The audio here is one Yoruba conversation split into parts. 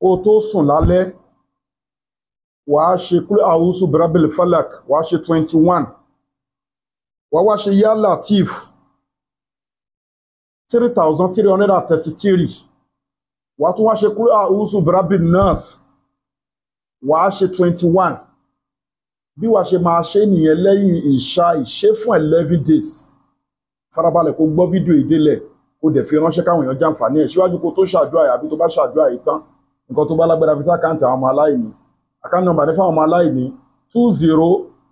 kó tó sùn lálẹ́ wàá ṣe kúlẹ̀ àwùsù birabil falak wàá ṣe twenty one wàá wá ṣe yá latif three thousand three hundred and thirty three wàá tún wá ṣe kúlẹ̀ àwùsù birabil nas wàá ṣe twenty one bí wàá ṣe máa ṣe nìyẹn lẹ́yìn ìṣá ìṣe fún eleven days farabalẹ̀ kó gbọ́ fídíò ìdílẹ̀ kó dẹ̀ fi ránṣẹ́ káwọn èèyàn jàǹfààní ẹ̀ síwájú kó tó ṣàdúrà yàbí tó bá ṣàdúrà yìí tán nǹkan tó bá lágbára fi sákàǹtì àwọn ọmọ aláìní account number ní fáwọn ọmọ aláìní two zero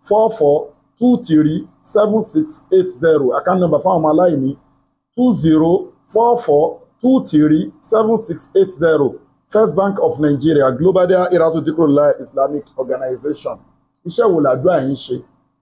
four four two three seven six eight zero account number fáwọn ọmọ aláìní two zero four four two three seven six eight zero First Bank of Nigeria Global Dahiratu Dhikrlahi Islamic Organization iṣẹ́ wo làdúrà yín ṣe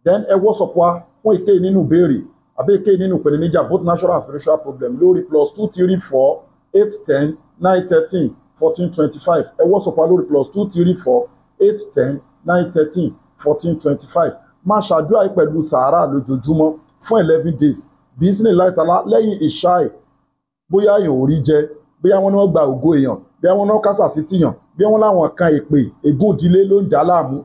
then ẹ WhatsApp wa fún èké nínú ìbéèrè àbí èké nínú ìpèníjà both natural and spiritual problem lórí plus two three four eight ten nine thirteen fourteen twenty five ẹ WhatsApp lórí plus two three four eight ten nine thirteen fourteen twenty five máa ṣàdúrà yìí pẹ̀lú sàárà lójoojúmọ́ fún eleven days bísíní láìtàlá lẹ́yìn ìṣáì bóyá èèyàn ò rí jẹ bóyá wọn ni wọn gba ògo èèyàn bóyá wọn náà kásà sí tìyàn bóyá wọn láwọn kan èpè ègún ìdílé ló ń dá láàmú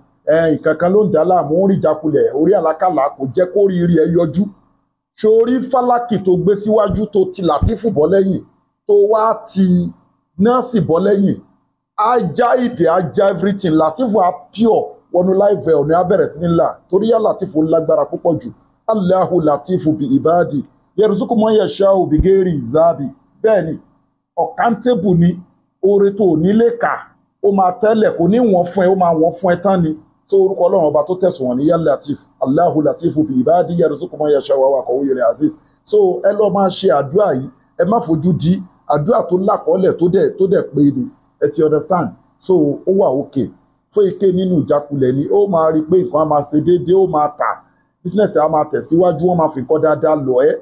nǹkan kan ló ń dá láàmú ń rí jakulẹ̀ orí àlákàlà kò jẹ́ kó rí rí ẹ yọjú sórí fálákì tó gbé síwájú tó ti làtífù bọ́ lẹ́yìn tó wá ti náà sì bọ́ lẹ́yìn ajá ìdè ajá everything Lateef á pure wọnú láìfẹ́ ọ̀nà abẹ́rẹ́ sí nílà torí yá Lateef lágbára púpọ̀ jù Allahu latifu bi ibadi yẹrùsùkú mọ́ yẹ ṣá òbí géèrè ìzáàbì bẹ́ẹ̀ ni ọ̀kántébù ni oore tó o nílé kà ó máa tẹ́lẹ̀ kò ní wọ́n fún ẹ ó máa wọ́n fún ẹ tán ni tó orúkọ ọlọ́run ọba tó tẹ̀sùn wọn ní yá Lateef Allahu latifu bi ibadi yẹrùsùkú mọ́ yẹ ṣá kọ̀wé yẹrẹ aziz so ẹ lọ́ọ́ máa ṣe àdúrà yìí ẹ má fojú di àdúrà tó lákọọ́lẹ̀ tó dẹ̀ tó dẹ̀ pé ni ẹ ti understand so ó wà okay fún ike nínú ìjákulẹ̀ ni ó máa rí i pé nǹkan á máa ṣe déédéé ó máa tà business á máa tẹ̀síwájú wọ́n máa fi nǹkan dáadáa lọ ẹ́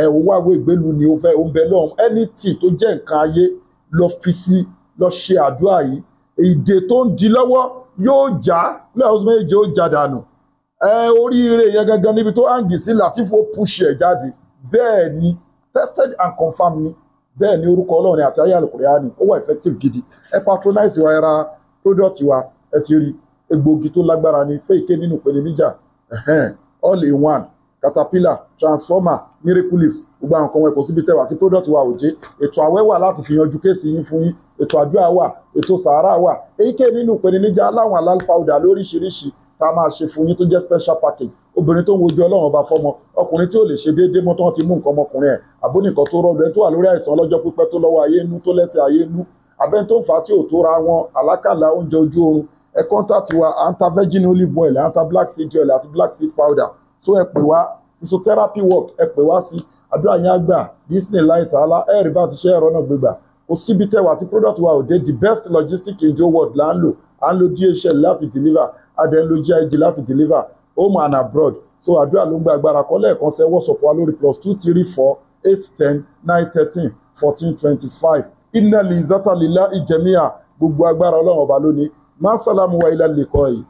ẹ ò wá àwọn ìgbélu ni ó fẹ́ ó ń bẹ lọ́hùn anything tó jẹ́ nǹkan ayé lọ fi sí lọ ṣe àdúrà yìí ìdè tó ń di lọ́wọ́ yóò já lẹ́yìn ọ̀sùn méje ó já dànù ẹ oríire yẹn gangan níbi tó hàǹgì sí Latif ó push ẹ̀ jáde bẹ́ẹ̀ ni tested and confirmed ni bẹ́ẹ̀ ni orúkọ ọlọ́run àti ayé àlùkùránì ó wà effective gidi ẹ patronize wa ẹ ra product wa ẹ ti rí egbògi tó lágbára ni fẹ́ẹ̀kẹ́ nínú ìpele níjà all in one caterpillar transformer miracle leaf gbogbo àwọn kan wọn kò síbi tẹwà àti product wa ò jẹ ètò àwẹ̀ wà láti fi yanjú kéèsì yín fún yín ètò àdúrà wà ètò sàárà wà èyíkéyìí nínú ìpele níjà aláwọn alálùpàwọ̀dà lóríṣiríṣi tá a máa ṣe fún yín tó jẹ́ special package obìnrin tó ń wojú ọlọ́run ọba fọmọ ọkùnrin tí ò lè ṣe déédéé mọ́ tó wọ́n ti mú nǹkan ọmọkùnrin ẹ̀ àbónìkan tó rọ́ọ̀lù ẹ̀ tó wà lórí àìsàn ọlọ́jọ́ pípẹ́ tó lọ́wọ́ ayé nú tó lẹ́sẹ̀ ayé nú abẹ́ tó ń fa tí ò tó ra wọn àlákàlà oúnjẹ ojú oorun ẹ kọ́ńtàtì wa anta virgin olive oil anta black seed oil àti black seed powder so ẹ pè wá physiotherapy work ẹ pè wá sí àdúrà yín àgbà disney light ala ẹ rí bá ti ṣe ẹ̀rọ náà gbégbà kò síbi tẹwà àti product wa òde the best logistic in the world là ń lò à ń lo DHL láti deliver adẹ́nlójú IG láti deliver home and abroad so àdúrà ló ń gba agbára kọ́ lẹ́ẹ̀kan sẹ́ wọ́sọ̀pọ̀ wa plus two three four eight ten nine thirteen fourteen twenty five inna lizata lila ijemiya gbogbo agbára ọlọ́run ọba lónìí má sálámù wa ilà lè kọ́ yìí.